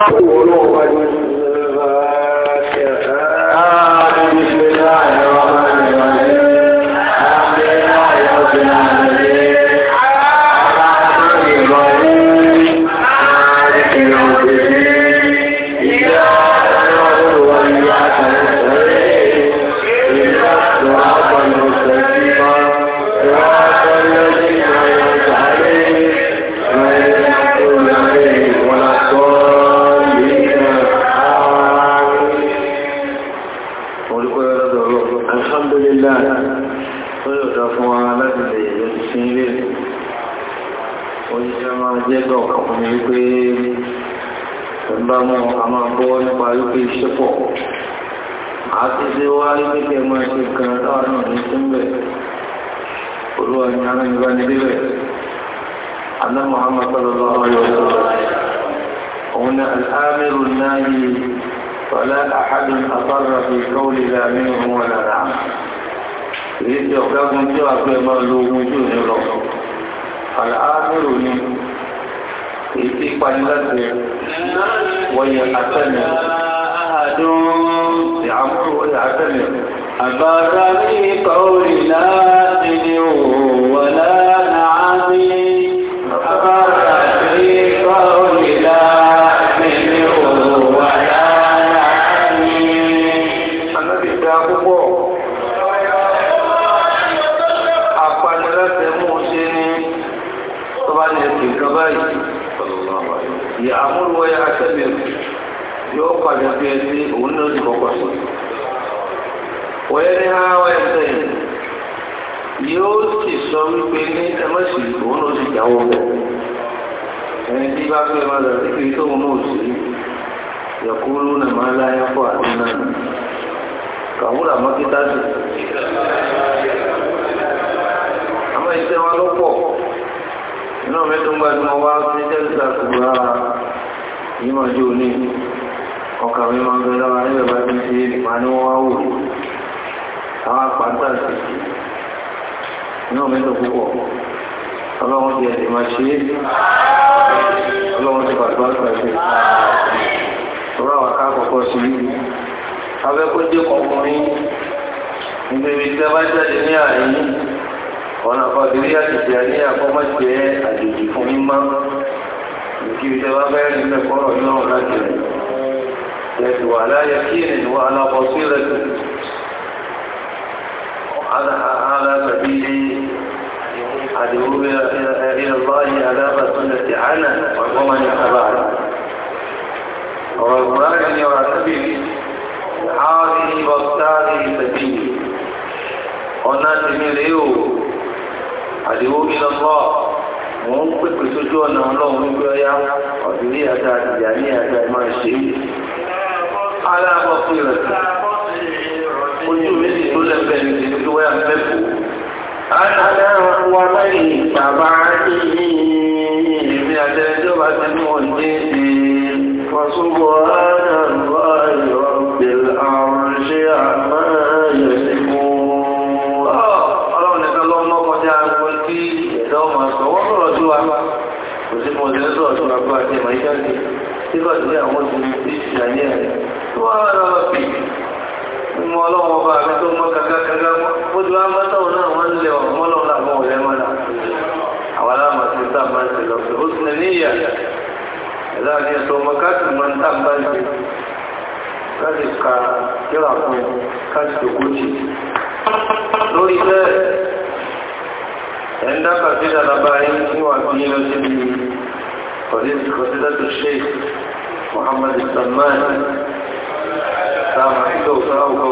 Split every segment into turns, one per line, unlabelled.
wọ́n lọ́wọ́.
ويعتمر أحد أبا ذلك لا ناقد ولا وحي وينهى ويبتهل yóò sì sọ wípé ní ẹmọ́sì òun ló sì jáwọ́ bẹ̀ ẹni tí bá fẹ́ máa lọ sí pé tóun náà sí yọkúrú náà máa láyé fọ́ àti náà kàwúrà mọ́kítà sí àmọ́ iṣẹ́ wọn ló pọ̀ iná mẹ́tọ́ gbajúmọ̀ wá sí jẹ́rìsà kùrà ìmọ̀jú ní ọkà mi máa ń gbé lára nílẹ̀ bá ti ṣe ìpá ní wọ́n wò àwọn àpáta sí inú mi tó púpọ̀ ọlọ́run ti ẹ̀sìn máa ṣe ọlọ́run ti pàtó àgbàṣe ọ̀rọ̀ àwọn akákọ̀ọ́kọ́ sí abẹ́kọ́jé ọkùnrin nítorí tí a bá jáde ní àárín ọ̀nà àkọ́mọ́ jẹ́ àjèjì fún mímọ́ ìkíri tí a bá bẹ́rẹ̀ nílẹ̀ láti rẹ̀ وعلى يقين وعلى بصيرة على على سبيل أدعو إلى الله على السنة عنا ومن يتبعنا وأخبرني وأتبعني هذه وأختاره سبيلي ọ̀nà tèmi rèé o àdìwó mi lọ mọ́ mò ń pèpè sójú ọ̀nà ọlọ́run wípé ọyá ọ̀dùnrí àti alábọ̀ fún ìrẹsì ojú mi sì tó lẹ́gbẹ̀ẹ́ ní ìdílé tó wáyà mẹ́fò. Àdàdà wa báyìí bàbá yìí èmi àtẹnudọ́ bá ti ní wọ́n dé di wàsúbọ̀ àdàlùwà ìrọ̀ bẹ̀rẹ̀ àrùn ṣé àmọ́ tí ẹ̀dá sí wa. Kò ti mọ̀ ìjáde. rẹ̀. Subhana Rabbi mo ọlọ́wọ́ bá mi tó mọ́ kankankanká ó ti wá mọ́ táwọn náà wọ́n ń lẹ̀ ọ̀ mọ́ lọ́wọ́ làwọn ọ̀rẹ́ mọ́ là àwọn aláàmà tó tá máa ń ṣe lọ sí oṣù ní níyà ẹ̀dá ni ẹ̀tọ́ ọmọ káàkiri máa ń tá máa ń Muhammad Salman táwọn ilé òṣèlú àwùjọ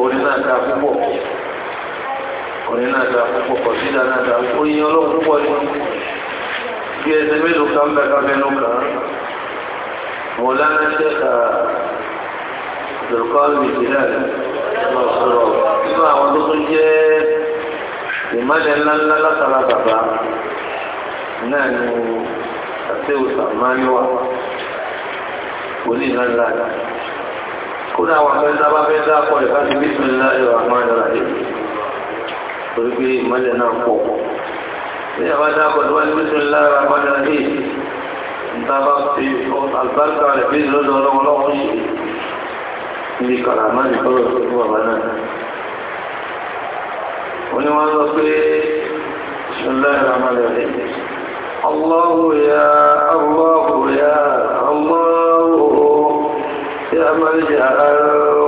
onínàdà púpọ̀ onínàdà púpọ̀ kọ̀sídà nàdà oyin ọlọ́run púpọ̀ ní bí ẹsẹ̀ mélòó kan bẹ́ẹ̀ ká mẹ́nu kàn án wọn lánà ṣẹ́ka ìdòkọ́ nìjíríà lọ sọ̀rọ̀ nínú àwọn tó tún jẹ́ ìmọ̀lẹ̀ ńláńlá látara bàbá náà ni àti òsàmáníwá onínàdà kódà wà fẹ́ dábá fẹ́ dápọ̀ rẹ̀ bá ti bísmìlá ìrọ̀hàn ìrọ̀hàn torí pé ìmọ́lẹ̀ náà pọ̀ ní àwọn dápọ̀ tó wá ní bísmìlá ìrọ̀hàn ìrọ̀hàn dábá fi àlùbáríkà rẹ̀ bí lọ́dọ̀ ọlọ́wọ́lọ́wọ́ yìí ní kàràmá ní kọ́lọ̀ tó fún bàbá náà wọ́n ni wọ́n sọ pé bísmìlá ìrọ̀hàn ìrọ̀hàn الله يا الله يا Yeah, Ya Mujahid.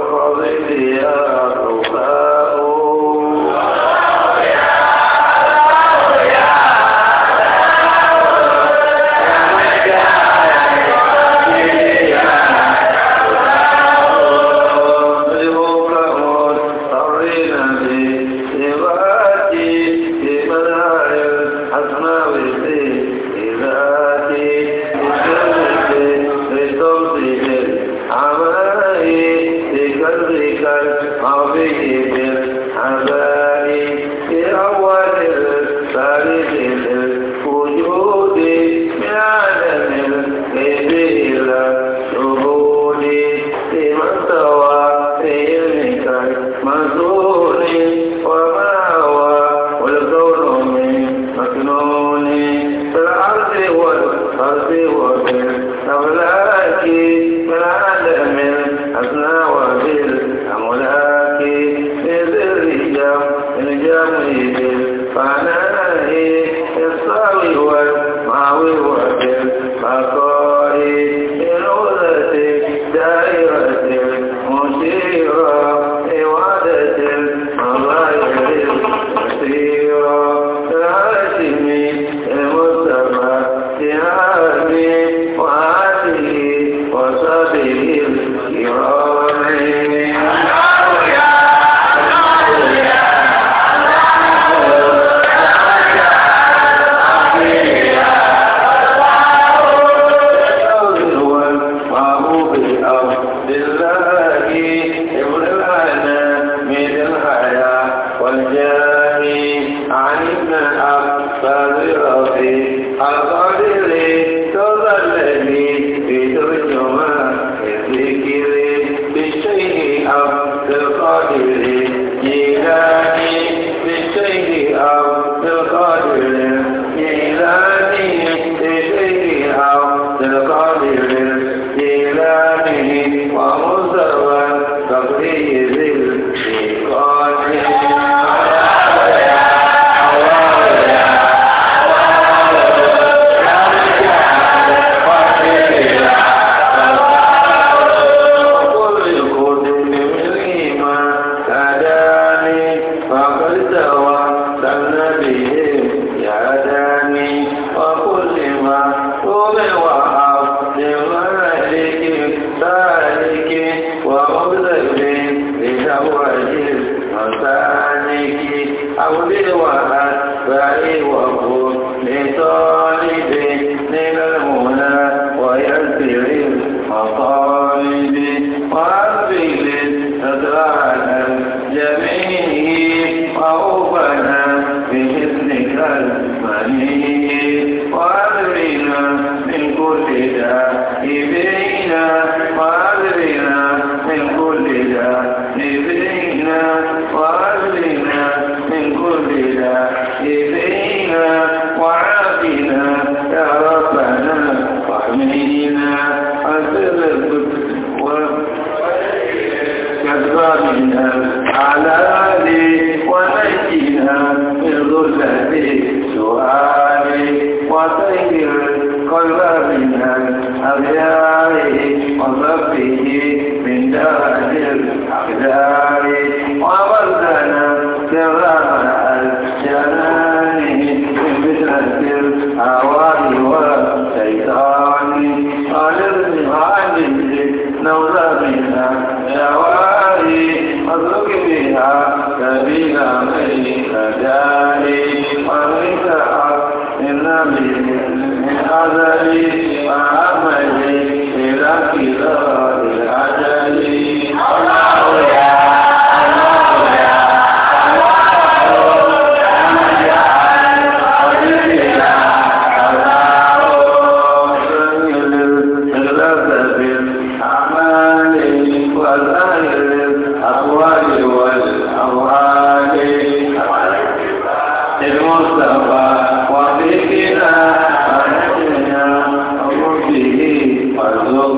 وَقِنَا عَذَابَ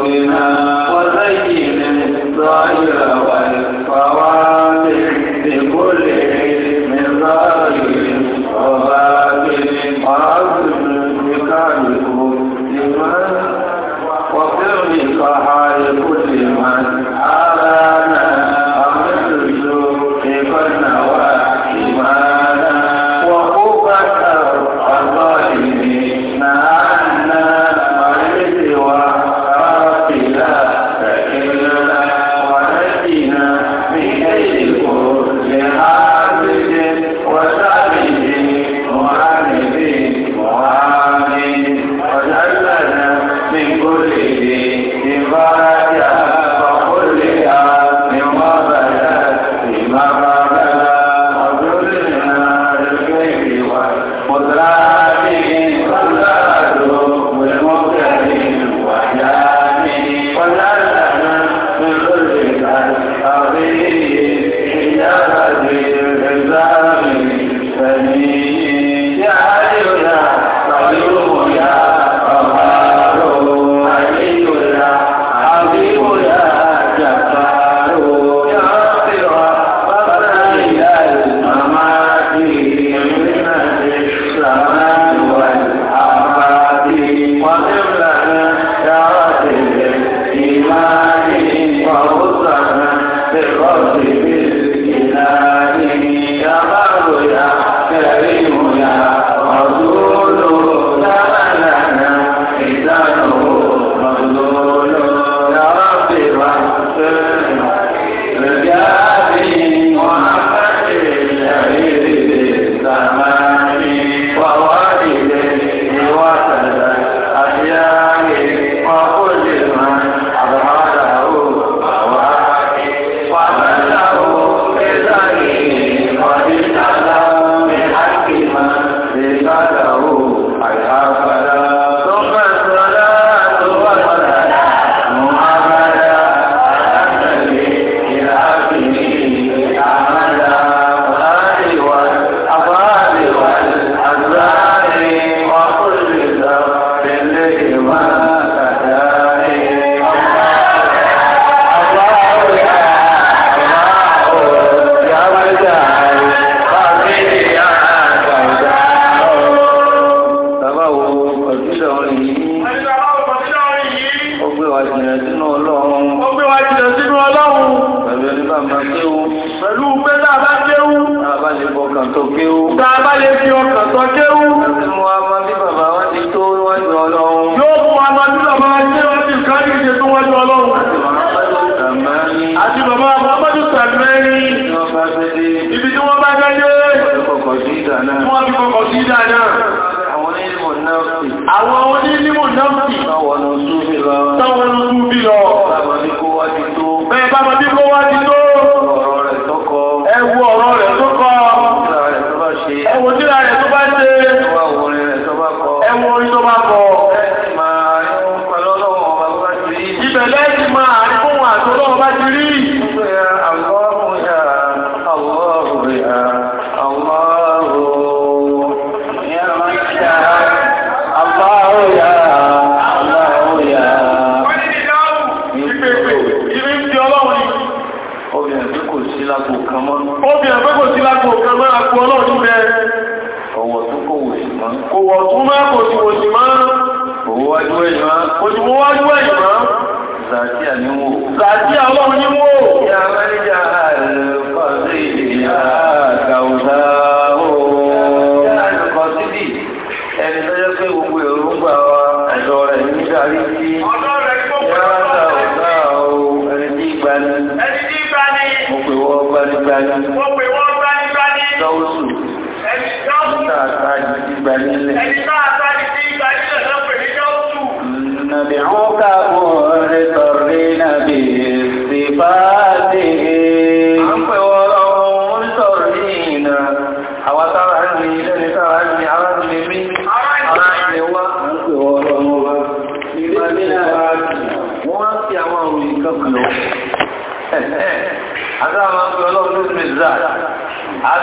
النَّارِ الرحيم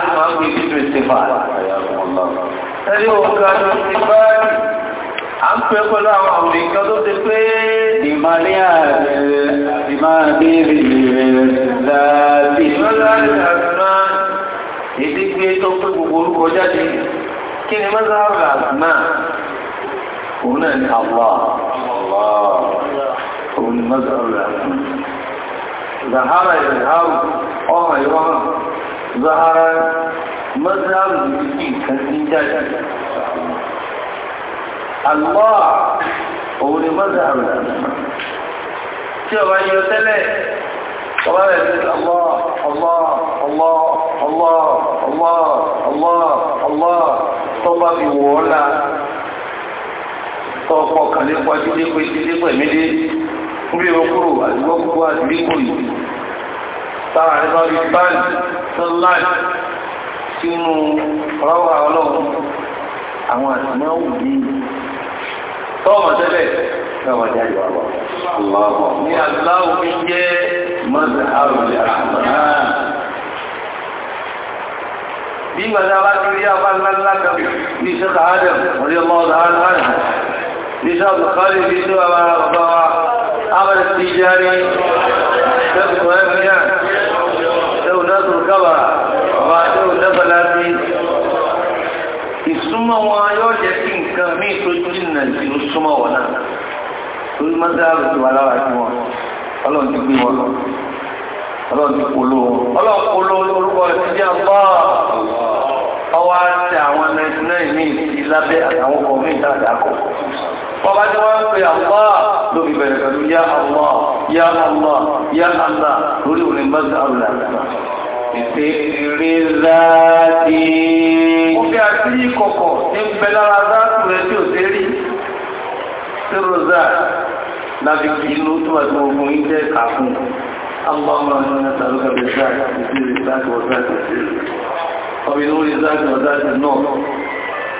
àti máa ń gbé títù ìsìnfà. Ẹni òkè àti ìsìnfà à ń pẹ́ pẹ̀lú àwọn àwọn ìkan tó ti pé ìmàlẹ́ àrẹ̀ ìmàlẹ́rì láti ìdígbé tó pé gbogbo orúkọ jáde kí ni mọ́sáàrà náà òun náà ni Allah òun ni mọ́sáàrà náà zahara ìrìnàrù ọmọ ìwọ́n náà ظهر مذهب يجي كنتيجة الله هو مذهب شو ما يوتلي طبعا يقول الله الله الله الله الله الله الله طبعا يقول tọ́pọ̀ kàlẹ́pọ̀ ajílẹ́pọ̀ ìdílẹ́pọ̀ ìmílẹ́ ń bí ìrọkúrò àdúgbò gbogbo àdúgbò yìí táwọn àdébá rí báńkì tó láì sínú rọ́wà ọlọ́run àwọn àtìmọ́ wù ní tọ́wọ̀n tẹ́lẹ̀ tọ́wọ̀n jáde wà lọ. ní aláwọ̀ fi jẹ́ mọ́sẹ̀ àrùlẹ̀ àmàlà. bí màdá bá ti rí àwọn aláǹlá kan ní sẹ́kà ádàm orí ọmọ ọ̀dà aláǹlá ní sọ́ọ̀bù kọ́lé ní sọ́ọ̀bù àwọn ọ̀dọ́ àwọn ti jáde sẹ́kù àbà bàbá àdéhùn dábàlá sí ìsúnmọ́ wọn yóò jẹ́ kí nǹkan míì tó jìnnà sí ó súnmọ́ wọn náà torí mọ́sáàbù ti wà lára sí wọn ọlọ́run ti gbé wọn ọlọ́run ti polo ọlọ́run polo orúkọ rẹ̀ ti jẹ́ ọgbà ọwọ́ àti àwọn ninety nine míì sí lábẹ́ àwọn ọkọ̀ míì dáadáa àkọ́ ọba tí wọ́n ń pè àwọ́ lórí bẹ̀rẹ̀ pẹ̀lú yá àwọ́ yá àwọ́ yá àwọ́ lórí òní mọ́sáàbù làbẹ́ fèrè záàdì. Ó fi àṣírí kọ̀kọ̀ ní pẹ̀lára záàtù rẹ̀ tí ò dé rí. Sírò záà láti kì í ló tó àti ogun yìí jẹ́ kàfún. Allahumma inna nas'aluka bi záàtì àti sí záàtì wọ záàtì sí. Ọbí lórí záàtì wọ záàtì náà.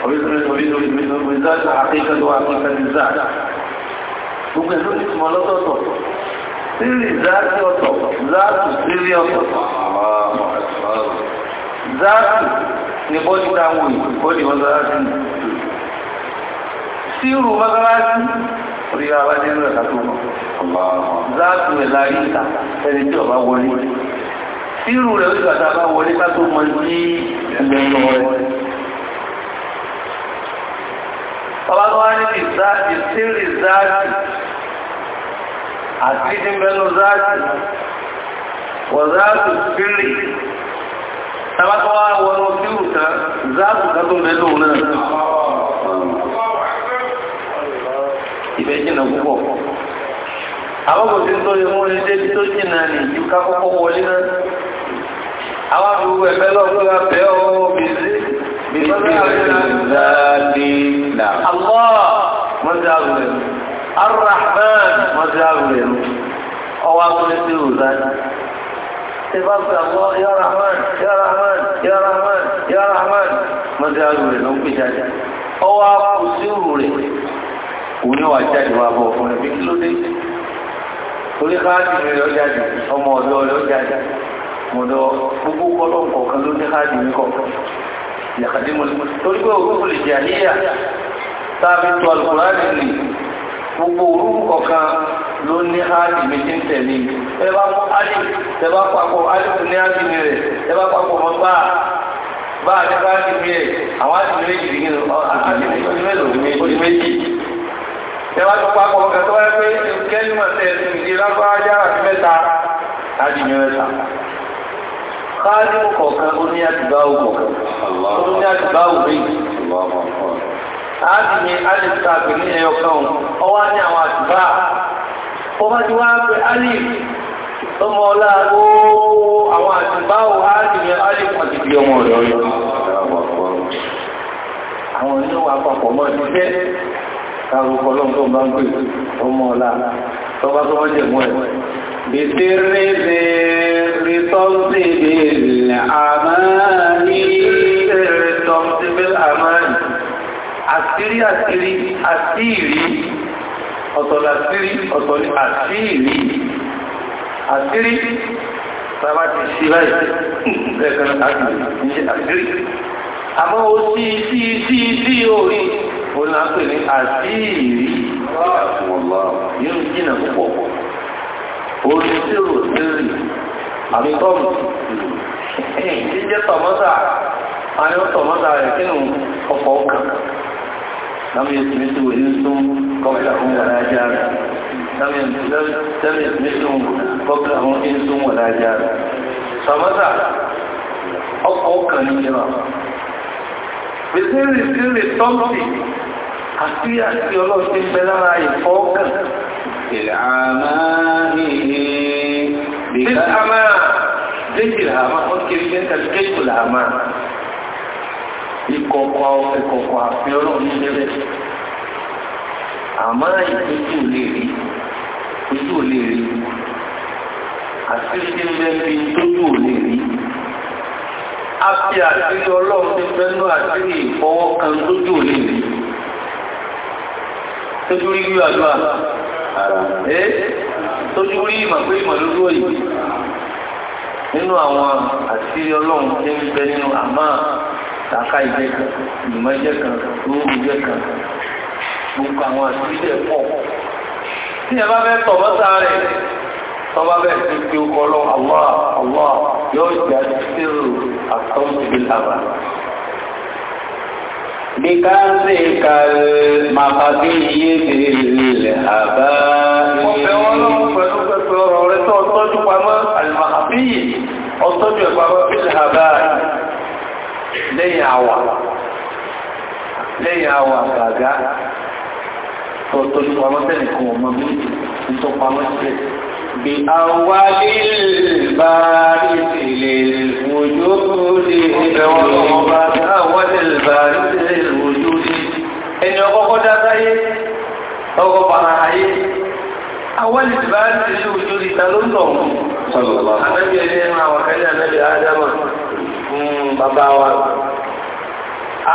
Ọbí lórí záàtì àkíkà tó àkíkà ti záàtì. Gbogbo ẹ̀sọ́ ti mọ lọ́tọ̀ọ̀tọ̀ sírì záàtì ọ̀tọ̀ záàtì sírì ọ̀tọ̀ záàtì ní bọ́dí táwọn òyìn bọ́dí mọ́sálásí sírù mọ́sálásí orí abájé ní ẹ̀ka tó mọ̀ záàtì rẹ̀ lárí ìta ẹni tí ọba wọlé sírù rẹ̀ orí bàtà bá wọlé ká tó mọ sí ẹgbẹ́ ọ̀rẹ́ ọba tó wá ní ìsáàtì sírì záàtì àti ní mẹ́nu záàtì wọ záàtì fírì tabatọ́wà wọnú fíù ká záàtì kátó mẹ́nu náà ibẹ̀ jìnà púpọ̀ àwọn kò sí tó yẹ mú ní débi tó jìnà ní ju ká kọ́kọ́ wọlé náà àwọn àbúrú ẹ̀fẹ́ lọ́gbọ́n arahman wọ́n ti àrùn rẹ̀ lọ ọwọ́ akúlé sí òòlá ṣe bá fi àwọ ya rahman ya rahman ya rahman ya rahman wọ́n ti àrùn rẹ̀ lọ ń pè jáde ọwọ́ akú sí òòlù rẹ̀ kò ní wà jáde wà bọ̀ fún ẹbí kí ló dé torí káàdì rẹ̀ ọjáde ọmọ ọ̀dọ́ rẹ̀ ọjáde mọ̀dọ̀ gbogbo kọ́lọ̀ kọ̀ọ̀kan ló ní káàdì ní kọ̀ọ̀kan ìyàkàdé gbogbo orúkọ kan ló ní áàdì méjì ń tẹ̀lé ẹ bá kó áàdì ẹ bá papọ̀ áàdì kò ní áàdì mi rẹ̀ ẹ bá papọ̀ mọ́ bá bá a ti bá áàdì mi rẹ̀ àwọn áàdì mi méjì dìgbìn áàdì mi méjì oṣù méjì ẹ bá tó papọ̀ ọ̀gá tó wáyé pé kẹ́lí mọ̀ tẹ̀ ẹ̀sìn ìdí lágbájá àti mẹ́ta áàdì mi mẹ́ta káàdì kọ̀ọ̀kan ó ní àtìbáwò kọ̀ọ̀kan ó ní àtìbáwò méjì àádìní alìsíkà pẹ̀lú ẹyọ kan ọwá ní àwọn àtìbá ọwá ti wá pé alìf ọmọ ọlá oó àwọn àtìbá ò àádìní alìf àti bí ọmọ ọ̀dọ́ àwọn inú àpapọ̀ mọ́ ìfẹ́ káàrùkọ lọ́n tó bá ń pè ọmọ ọlá tọba tó wọ́n mọ́ ẹ̀ bìtìrìbìrì tọ́sí bìrì àmáà àṣírí àṣírí àṣírí ọ̀tọ̀láṣírí ọ̀tọ̀lí àṣírí àṣírí sábà ti ṣí láì lẹ́ẹ̀kan àṣírí àmọ́ ó sí sí sí sí orí ó náà pè ní àṣírí ìyàwó yóò jìnà púpọ̀ orí tí ó rí àtọ́mù ẹ̀yìn tí jẹ́ tọ̀mọ́sà لم يثبته إنس قبلهم ولا جان لم يثبتهم قبلهم إنس ولا جان فماذا أقوك نجرا بسير سير الطمس àti àti ọlọ́run ti bẹ lára ìfọ́ọ̀kàn ìlàmáàmì bí i àmà déjì làmà ó kiri jẹ́ tàbí kéjì làmà ìkọ̀kọ̀ ìkọ̀kọ̀ àfẹ́ ọlọ́run ní lẹ́rẹ́ àmọ́ ìtọ́jú ò lè rí ojú ò lè rí àtúnṣe lẹ́bi tójú ò lè rí a àtúnṣe ọlọ́run ti àtúnṣe ìfọwọ́ kan tójú ò lè rí tójú rí bí àdúrà ẹ́ tójú rí ìmọ̀ pé ìmọ̀ lójú òyìn nínú àwọn àtúnṣe ọlọ́run ti àmọ́ sàkà ìjẹ́ kan ìmọ̀ ìjẹ́ kan lóòrùn ìjẹ́ kan gbogbo àwọn àtúnṣe pọ̀ tí ẹ bá fẹ́ tọ̀ mọ́ta rẹ̀ tọ́ba bẹ́ẹ̀ ti fi ọkọ̀ lọ àwọn àwọn yóò jẹ́ àtúnṣe àtọ́jú ìlànà بكاسك المقادير الهباء ọ̀tọ́jú ẹ̀pàá fílhàbáì lẹ́yìn àwà lẹ́yìn àwà gbàgá tọ́tọ́ ní pamọ́ tẹ́lẹ̀ kan ọmọ mi ń tọ́ pamọ́ sílẹ̀ bí àwà lílbà ìsìlẹ̀ òjò tó lè ẹ̀wọ̀n ọmọ bá àwọ̀ lílbà ìsìlẹ̀ òjò lè ẹni ọkọ́kọ́ dátáyé ọkọ̀ pàrà ayé àwọ̀ lílbà ìsìlẹ̀ òjò lè ta ló ń lọ bàbá wa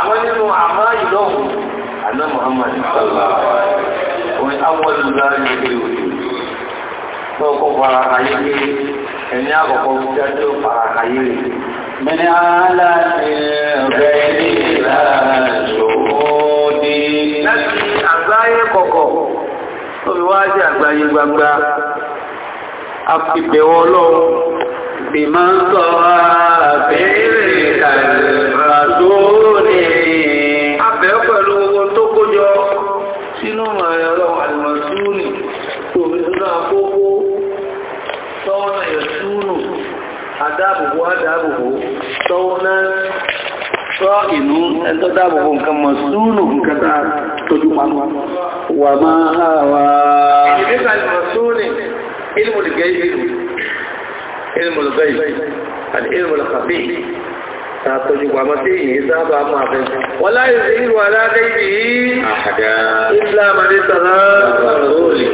àwọn nínú àmá ìlọ́hùn àná Muhammad sọ́lá òun àwọn olùdá ní ilé òjò tó kọ́ fara ayé ní ẹni àkọ́kọ́ tí a tó fara ayé rẹ̀ mẹ́ni àálà ní rẹ̀ ní ìlàjò òdì láti àgbáyé kọ̀kọ̀ tó fi wá sí àgbáyé gbangba a fi bẹ̀wọ̀ ọlọ́run بمن طغى بعلمك الرسول abẹ́ pẹ̀lú ogun tó kójọ sínú àyàrá àlùmọ̀súnì òmìnira àkókò tọ́wọ́nà yẹ̀súnù àdáàbòbò àdáàbòbò tọ́wọ́nà sọ ìlú ẹjọ́ dáàbòbò nǹkan mọ̀súnù nǹkan dáa tójú pàmọ́ wà máa wà ilé ilmu al-ghayb al-ilmu al-khafi tààtọ́jú pàmọ́ tí èyí sábà máa fẹ́ wọ́n láyé sí ìwà aláàdé ìbí islam àdìsára rọ́ọ̀lì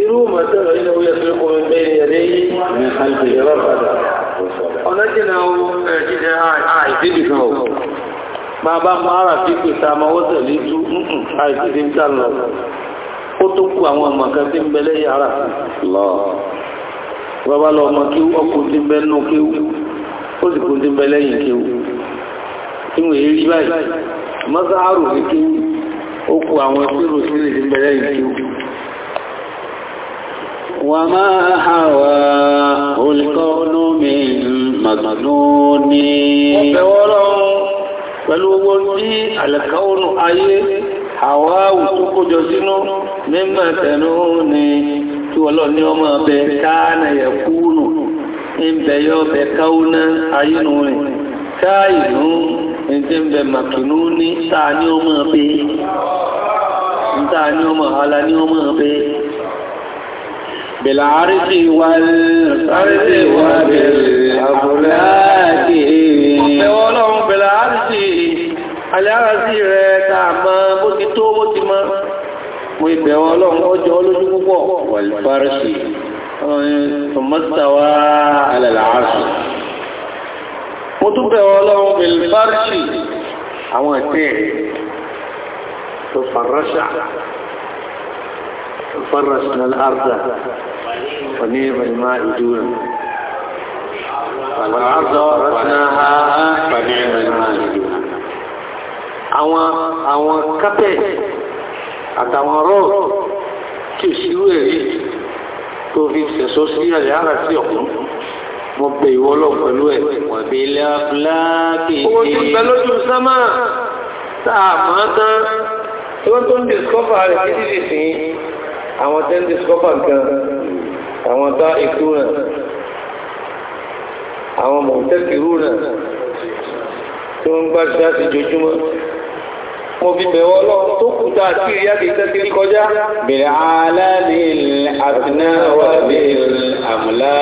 irú màtọ́rọ̀ inú oyè tó kọ́ ẹgbẹ́ ìyẹ̀lẹ́ yìí ìrọ̀ padà ọ̀nà jìnà jìnà àìsídì kan ò máa bá mọ́ ara tí pè ta ma wọ́sẹ̀ lé tú àìsídì ń tà lọ ó tó kú àwọn ọmọ kan tí ń bẹ lẹ́yìn ara lọ́ọ̀ bàbá lọ ọmọ kí ọkùnrin ti ń bẹ nù kéwú ó sì kún ti ń bẹ lẹ́yìn kéwú tí wọ́n èrí báyìí mọ́sáàrù ní kéwú ó kú àwọn ẹgbẹ́rò sílẹ̀ ti ń bẹ lẹ́yìn kéwú wà máa hàwà olùkọ́nú mi màgbóní ní àlẹ́kọ́nù ayé àwáwù tó kójọ sínú mímọ̀ tí ọlọ́run ní ọmọ ọbẹ̀ káánà yẹ̀kúnù ń bẹ̀ yọ ọbẹ̀ káúná ayínú rẹ̀ káàìnú ẹ̀jẹ̀ ń bẹ̀ màkínú ní táà ní ọmọ ọbẹ̀ táà ní ọmọ ọ̀hálà ní ọmọ ọbẹ̀
بالعرش والفرد وبالأبلاد ọlọ́run bẹ̀rẹ̀ àríṣì
alẹ́ àríṣì rẹ̀ tàà mọ́ bó ti tó ti mọ́ mo ibẹ̀ ọlọ́run ó jọ olójú púpọ̀ wàlú fárẹ́sì tòmọ́tàwá alàlàásù mo tún bẹ̀ ọlọ́run wàlú fárẹ́sì àwọn ẹ̀tẹ́ tó fàrẹ́sà فرشنا الأرض ونعم الماء دون والأرض ورثناها فنعم الماء دون àwọn àwọn kápẹ́ẹ̀tì àtàwọn ọ̀rọ̀ kí ìṣirú ẹ̀rí tó fi sẹ̀sọ́ sí àlẹ́ ara sí ọ̀kún mo bẹ ìwọ lọ pẹ̀lú ẹ̀ wàbí láàbí owó tí bẹ lójú sámà sáà máa tán tí wọ́n tó ń discover rẹ̀ títí dì sí àwọn tẹ́ ń discover gbá sí jojúmọ́ mo fi bẹ̀wọ́ ọlọ́run tó kù tá àti ìyá kìí tẹ́ ti rí kọjá bẹ̀rẹ̀ aláàlẹ́ àtúná wà ní àmúlá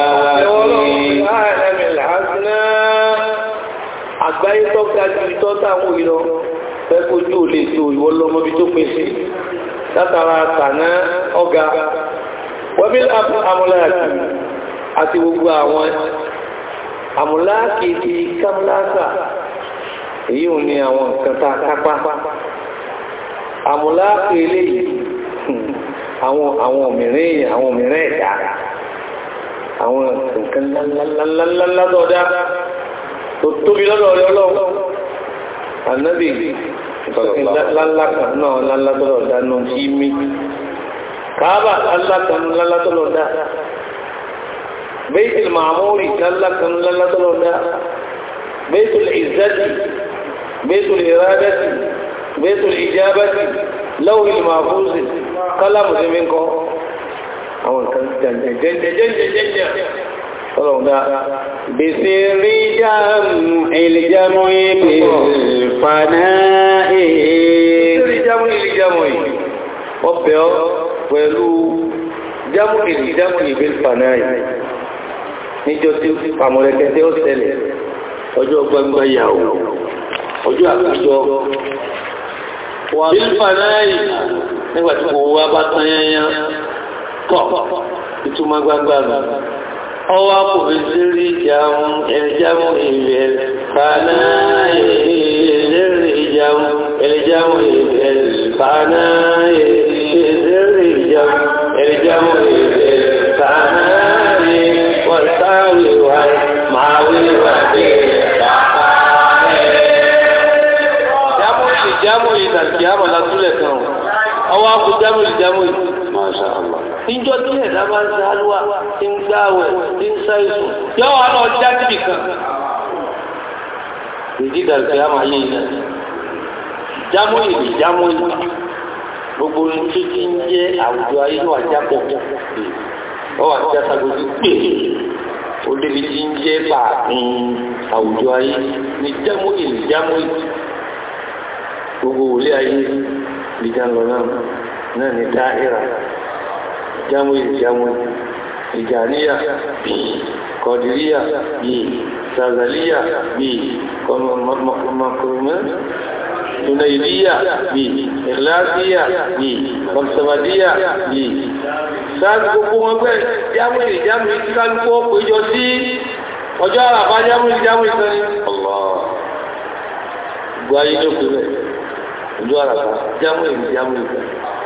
àgbáyé tó ga ju ìtọ́ táwọn òyìnbó fẹ́kójú ò lè tó ìwọ lọ́mọbi tó pín sí látara tàná ọ̀gá wọ́bí amúláàkì àti gbogbo àwọn amúláàkì ti kámúláàkà èyí ò ní àwọn nǹkan tá kápá àmúlá pèlè hmm, àwọn àwọn òmìnirin àwọn òmìnirin ẹ̀dá àwọn nǹkan lálálálálọ́dá tó tóbi lọ́dọ̀ rẹ ọlọ́run ànábì lálákan بيت الإرادة بيت الإجابة لوح المحفوظ قلم زمينكو àwọn kan jẹjẹjẹjẹjẹjẹ ọlọ́gbà bèsè rí jàm ìlìjàmù ìbí fàná èé rí jàmù ìlìjàmù yìí ọbẹ̀ ọ pẹ̀lú jàmù ìlìjàmù ìbí fàná yìí níjọ tí pàmọ̀lẹ́kẹ́ tí ó ṣẹlẹ̀ ọjọ́ ọjọ́ àkójọ bílfànáì nígbàtí mo wá bá tán yányá tọ́ ìtumọ̀ gbangba nù ọwọ́ àpòbí sí rí ìjáun ẹ̀rẹ̀jáun ìbẹ̀rẹ̀ fànáì ẹ̀rẹ̀ ìjáun tọ́wáfù jámùlì jámùlì.
Allah. Ìjọ tí ẹ̀dá máa ń
sáálúwà, ti ń gbáwẹ̀, ti ń sáìsùn, yọ́ wà lọ já níbì kan. Ìdídà ìfẹ́ àmà yìí náà. Jámùlì ni jámùlì. Gbogbo ohun tó ti ń jẹ́ àwùjọ ayé wà jápọ̀. Ọ wà sí àtàgbòsí pè é. débi ti ń jẹ́ pààkùn àwùjọ ayé ni jámùlì ni jámùlì. Gbogbo òlé ayé ni jámùlì náà náà ni dáìrà jámù ìjámù ìjàníyà bíi kọ̀dìríyà bíi sàzàlíyà bíi kọmọkùnmọ́ tunayiliya bíi ìlàsíyà bíi kọmsàmàdíyà bíi sáàtì gbogbo wọn pẹ́ jámù ìjámù ìkálùkù péjọ sí ọjọ́ àràbá jámù ìjámù ìsẹ́ni gbọ́ ayé ló pé bẹ́ẹ̀ ọjọ́ àràbá jámù ìjámù ìsẹ́ni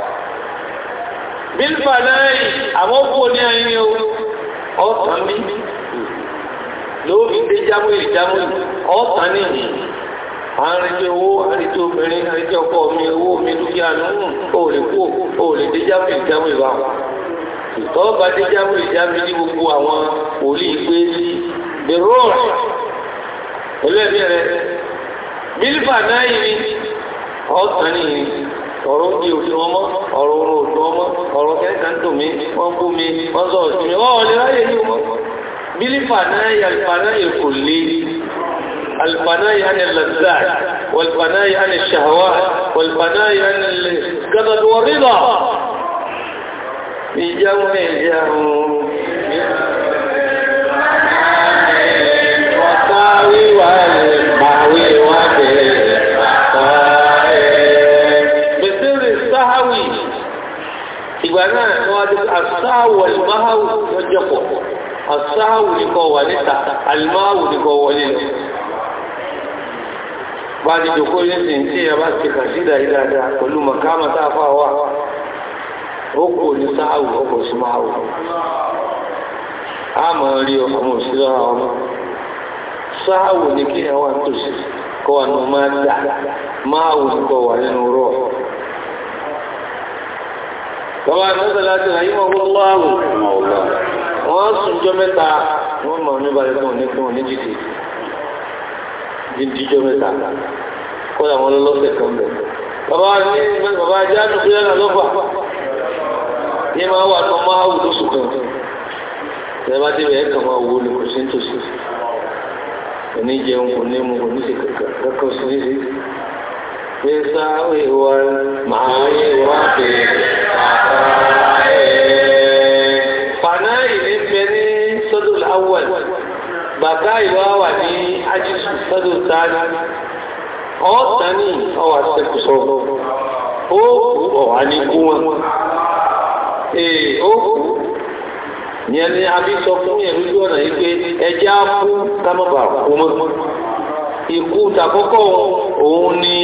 bílífà lẹ́yìn àwọn òkú ní ayé o ọ̀sán ní lórí dé jámù ìjámù ọ̀sán ní ìyìn àrìnjẹ owó àrìnjẹ obìnrin àrìnjẹ ọkọ mi owó mi dúkìá nù ó lè kú ó lè dé jámù ìjámù ìbá tọ́ọ̀bà dé jámù ìjámù ní gbogbo àwọn òlì ìgbé bẹ̀rọ̀ ẹlẹ́bí rẹ bílífà náà yìí ọ̀sán ní ìyìn. ọ̀rọ̀ oúnjẹ òṣù ọmọ ọ̀rọ̀ oorun òṣù ọmọ ọ̀rọ̀ kẹ́kàn tó mi wọ́n kú mi wọ́n sọ òṣù mi wọ́n lè ráyè ní ọmọ بالفناي الفناي كلي الشهوات والرضا asáhàwù alimáhàwù lọ́jọ́ pọ̀ asáhàwù ní kọ wà níta alimáhàwù ní kọ wọlé lọ bá ti jòkó lẹ́sìn tí a bá ti kà sídà ìdáadáa pẹ̀lú mọ̀kámà tá a fà wà ó kò ní sáhàwù ọkọ̀ sí máhàwù a mọ̀ rí ọmọ òṣìṣẹ́ ọmọ sáhàwù ní kí ẹ wà tòṣì kọ wà nù máa dà máhàwù ní kọ wà nínú rọ̀ bàbá àdúgbò láti rà yíwọ gbogbo ààrùn wọn sùn jọ mẹ́ta wọn mọ oníbàárẹ fún òní fún òní jìdì jíjọ mẹ́ta kó làwọn lọlọsẹ kan bẹ bàbá ní bàbá ajé àdúgbò náà lọfà ní máa wà tó máa wù lóṣù kan ẹ bá débẹ̀ ẹ kàn máa wù ní kò sí nítòsí òní jẹun kò ní mu kò ní ṣe kankan kankan sí ní ṣe. Esa ìwà màá yẹ wá bẹ̀rẹ̀. bàtà ìwà wà ní ajísù lọ́dún sáájú ọ̀ọ́ta ní ọwà sẹ́kùsọ ó ọ̀wà ní kú wọn èè ó kú yẹn ni abí sọ fún yẹn lójú ọ̀nà yìí pé ẹjẹ́ á kú tábàbà kú mọ́ ikú tàkọ́kọ́ òun ni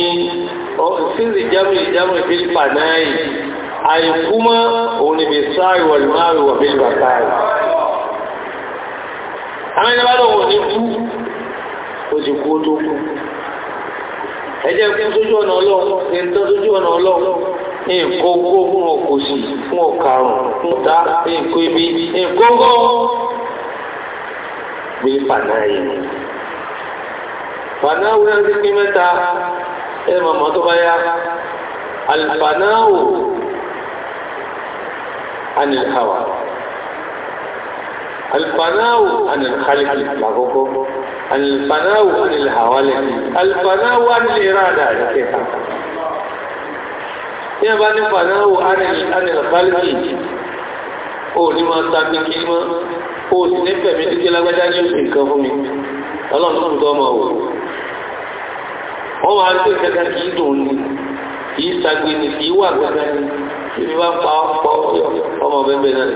sílì jámìlì jámìlì fílípà náà yìí àìkú mọ́ òun ni bèsáàrì wọ̀lùmáàrì wọ̀ fílípà káàrì àwọn ẹni bá lọ́wọ́ ní kú ó ti kú ó tó kú ẹjẹ́ kú sójú ọ̀nà ọlọ́run kí n tán sójú ọ̀nà ọlọ́run nǹkan ogó fún òkòsì fún ọ̀karùn fún ọ̀tá nǹkan ibi nǹkan ogó gbé fànáà yìí fànáà wúlò sí pín mẹ́ta ẹ màmá tó bá yá alifànáà wò الفناء عن الخلق لغوكو الفناء عن الهوالك الفناء عن الإرادة كيف ní ẹ̀bá ní fàdáwò anìlàfàlìsì ó ní máa tàbí kí mọ́ ó sì ní fẹ̀mí tí kí lágbájá ní òsì nǹkan fún mi ọlọ́run tó mọ̀ wò wọ́n máa ń pè kẹta kí í dùn ní kì í sagbe ní kì í wà kẹta ní kí wá pa ọmọ bẹ́bẹ̀ náà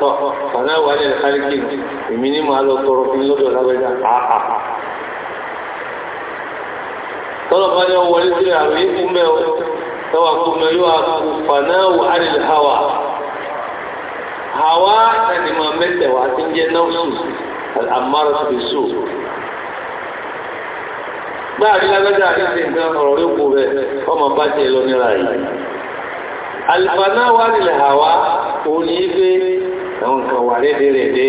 tọ́ ọ̀nà ìwádìí ẹ̀káríkì èmi ní máa lọ tọrọ fún lọ́dọ̀ lágbẹ́jà àà tọ́lọ̀ bá ní ọwọ́ ní sí àwọn ikú mẹ́ o tọ́wà hawa hawa ẹni máa mẹ́tẹ̀wà tí ń jẹ́ náwó àmàrà tó so gbáàrí lágbẹ́jà àríṣẹ́ nǹkan ọ̀rọ̀ rí kú rẹ̀ ọmọ bá hawa òun àwọn nǹkan wà rédè rédè tí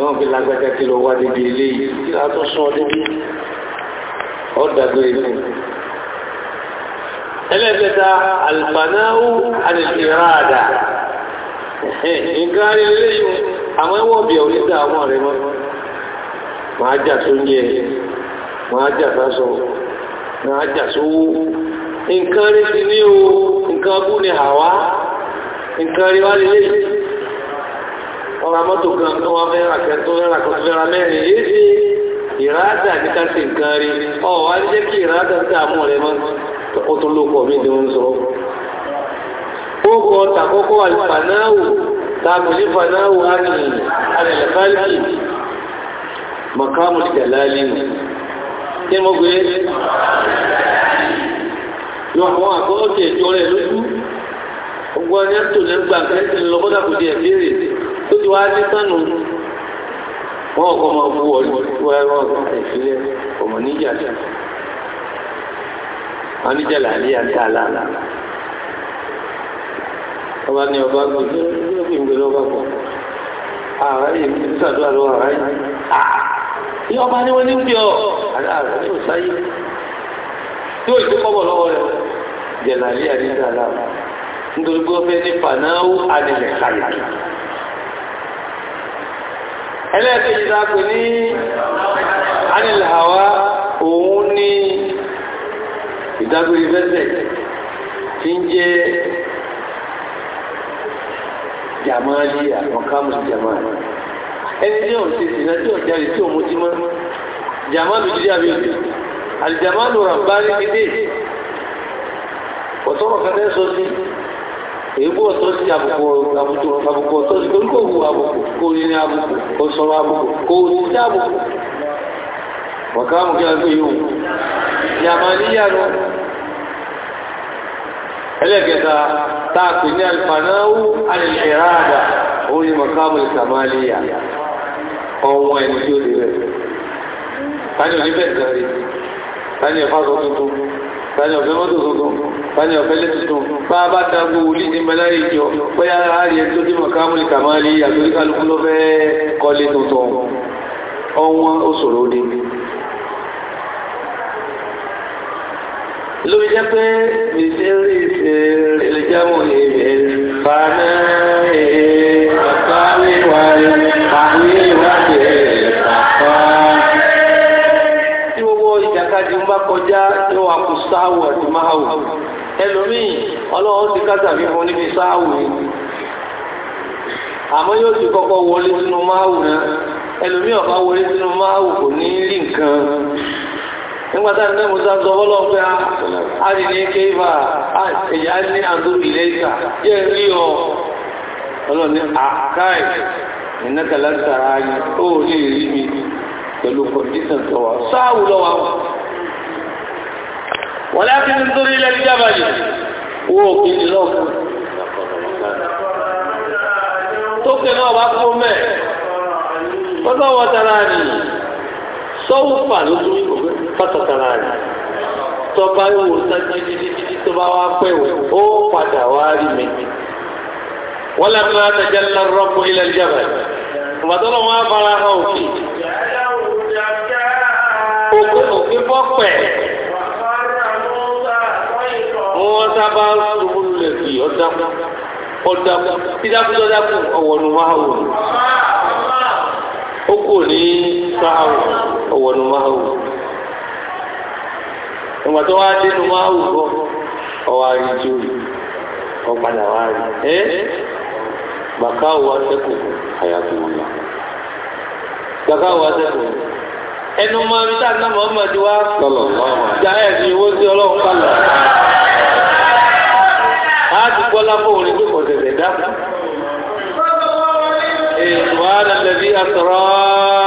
wọ́n fi lágbájá kí lọ wá débi ilé yìí kí lọ tó sún ọdún bí ọ̀dàgbére fún ẹlẹ́gbẹ̀ta alfanáwó alìsìnráàdà nǹkan rí lè yìí àwọn ẹwọ́ bí ọ̀rí dá àwọn rẹ̀ mọ́ máa jà tó ń yẹ máa jà sásọ máa jà sówó nǹkan rí sí ní o nǹkan bú ni àwá nǹkan rí wá lè yìí ọ̀rọ̀ mọ́tò kan tó wọ́n fẹ́ rà kan tó fẹ́ rà kan tó fẹ́ rà mẹ́rin yìí sí ìrádà ní ká sì nǹkan rí ọ wá ní jẹ́ kí ìrádà sí àmú rẹ mọ́ ó tún ló pọ̀ mí ni wọ́n sọ. ó kọ tàkọ́kọ́ àlùfànáwò tààbù ní fanáwò ánì alẹ́lẹ́fàlì makamu tẹ̀láàlì nù. kí mo gbé yọ àwọn àkọ́kọ́ kẹjọ rẹ̀ lójú gbogbo ẹni tó lẹ́gbàá kẹ́sì lọ́kọ́dà kò di ẹ̀ ti wá dé sánú wọn kọ́ máa bú ọ̀rọ̀ wọ́n ìfilẹ̀ ọmọ níjà
wọn níjà làálí àti àlàálà
ọba ní ọba gbèsè yóò fi gbèsè ọba pọ̀ ààrẹ yìí ti sàdúrà lọ́wọ́ ààrẹ yìí ní ọba ní wọ́n ní bí ọ ààrẹ yóò sáyé tí ó ìdí kọ́bọ̀ lọ́wọ́ rẹ̀ jẹ̀làlí àti àlàálà nítorí pé fẹ́ ní fanáwó àdìlẹ̀ kàlà ẹlẹ́ẹ̀kejì tá a pè ní anilhawa òun ní ìdágbére fẹ́sẹ̀ tí ń jẹ́ jàmáàlì àkànkámù jàmáàlì ẹni tí yóò ṣe ìsìnà tí yóò jáde tí yóò mú jímọ́ jàmáàlù jíjẹ́ àbí òbí àlìjàmáàlù rà bá rí gidi ọ̀tọ́rọ̀ kan sọ sí èébú ọ̀tọ́ sí àbùkù àbùkù ọ̀tọ́ sí torí kò wu àbùkù kò rí ní àbùkù kò sọ̀rọ̀ àbùkù kò
sí sí àbùkù.
Wọ̀ká mú kí a gbé yóò. Ìyàmà níyànú.
Ẹlẹ́gẹ̀ta táà pè ní
alìfànáwó alìlẹ̀ráàdà òun ni wọ̀ká mú ìsàmáàlìyà. Ọ̀wọ̀n ẹni tí ó lè rẹ̀. Tani oníbẹ̀ sẹ́rí. Tani ẹ̀fà tuntun. Tani ọ̀fẹ́ mọ́tò tuntun wani ọ̀fẹ́ lẹ́tùtù bá bá dágbó wuli ní mẹ́lárí ìjọ bóyá ààrẹ tó dí mọ̀kámùlì ní lórí jẹ́ pé mìsírí ń bá kọjá ní wàkùsáwọ̀ àti máhàwù ẹlòmíì ọlọ́wọ́ ti kásà fífún níbi sáàwù yìí àmọ́ yóò ti kọ́kọ́ wọlé sínú máàwù náà ẹlòmíì ọ̀bá wọlé sínú máàwù kò ní rí nǹkan nígbà tá ní mọ́sá sọ bọ́lọ́ pé a rí ní kéfà èyà ní àdóbi lẹ́sà jẹ́ e rí ọ ọlọ́ni àkáì ìnákàlá sàrá yìí ó lè rí mi pẹ̀lú kọ̀díṣàn sọ̀wọ́ sáàwù lọ́wọ́ ولكن انظر إلى الجبل
هو لهم
tókè náà wá fún mẹ kọsọ فتتراني. tara ni sọwọfà ló tún pàtó tara ni tọba ìwò sájú títí tó bá wá pẹ wẹ ó padà wá rí mi wọn lè fún àtẹjẹ ńlá rọpò ilẹ̀ ìjàmbá ìbàdàn wọn á fara hàn òkè
òkè fọpẹ. sábà
rúbúrú lè fi ọ̀dàkú ọ̀dàkú dídákú dídákú ọ̀wọ̀nù máa wò ó kò ní sáàwò ọ̀wọ̀nù máa wò ìgbà tó wá dénú máa wò bọ́ ọwọ́ àríjú ọ̀padà wá rí ẹ́ bàkà wà sẹ́kù àyàtò wọn bàkà wà sẹ́kù ẹnu máa ń tà náà mọ́mọ́dé wá sọ̀lọ̀ já ẹ̀ a ti gbọ́ lápò orin tó kọ̀ tẹ̀tẹ̀ dákú. ètò àdàlẹ́bí àtọ̀rọ̀.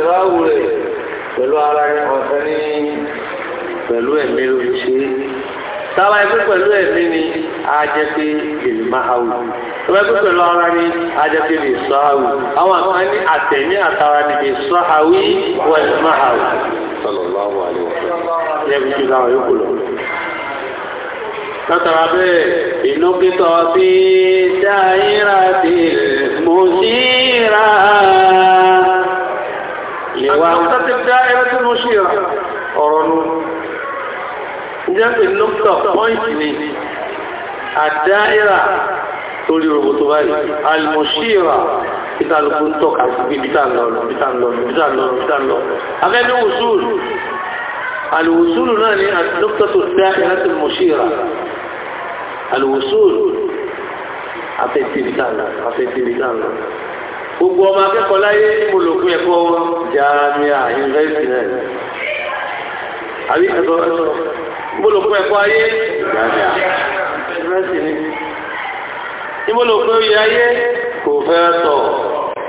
ìráwù rẹ̀ pẹ̀lú ara rẹ̀ ọ̀fẹ́ ní pẹ̀lú ẹ̀mí ló fi ṣe é sábà ẹgbẹ́ pẹ̀lú ẹ̀mí ni ajẹ́pé lè má hàwù ẹgbẹ́ pẹ̀lú ara ni ajẹ́pé lè sọ hàwù àwọn àkàn ní àtẹ̀mí àtara ni lè sọ hàwù wọ́n lè má hàwù. sallallahu alaihi wasallam yẹ́n fi ṣe láwọn yókù lọ látara bẹ́ẹ̀ ìnúkítọ̀ fi dáírà sí والنقطة الدائرة المشيرة أرنو جنب النقطة بوينت الدائرة تولي ربطوباري المشيرة ìtàlùkù ń tọ́ka ìbítàlọ́lọ́ ìbítàlọ́lọ́ abẹ́lú wùsùlù alùwùsùlù náà ni àtìlọ́pítọ́tò dá ìrántí mọ̀ṣíra alùwùsùlù afẹ́tìrìtàlọ́ gbogbo ọmọ akẹ́kọ̀ọ́ láyé níbo lòpin ẹ̀kọ́ jamia investment àbí ẹ̀sọ́ ẹ̀sọ́ níbo lòpin ẹ̀kọ́ ayé
jamia investment níbo lòpin oyè ayé kò fẹ́ sọ.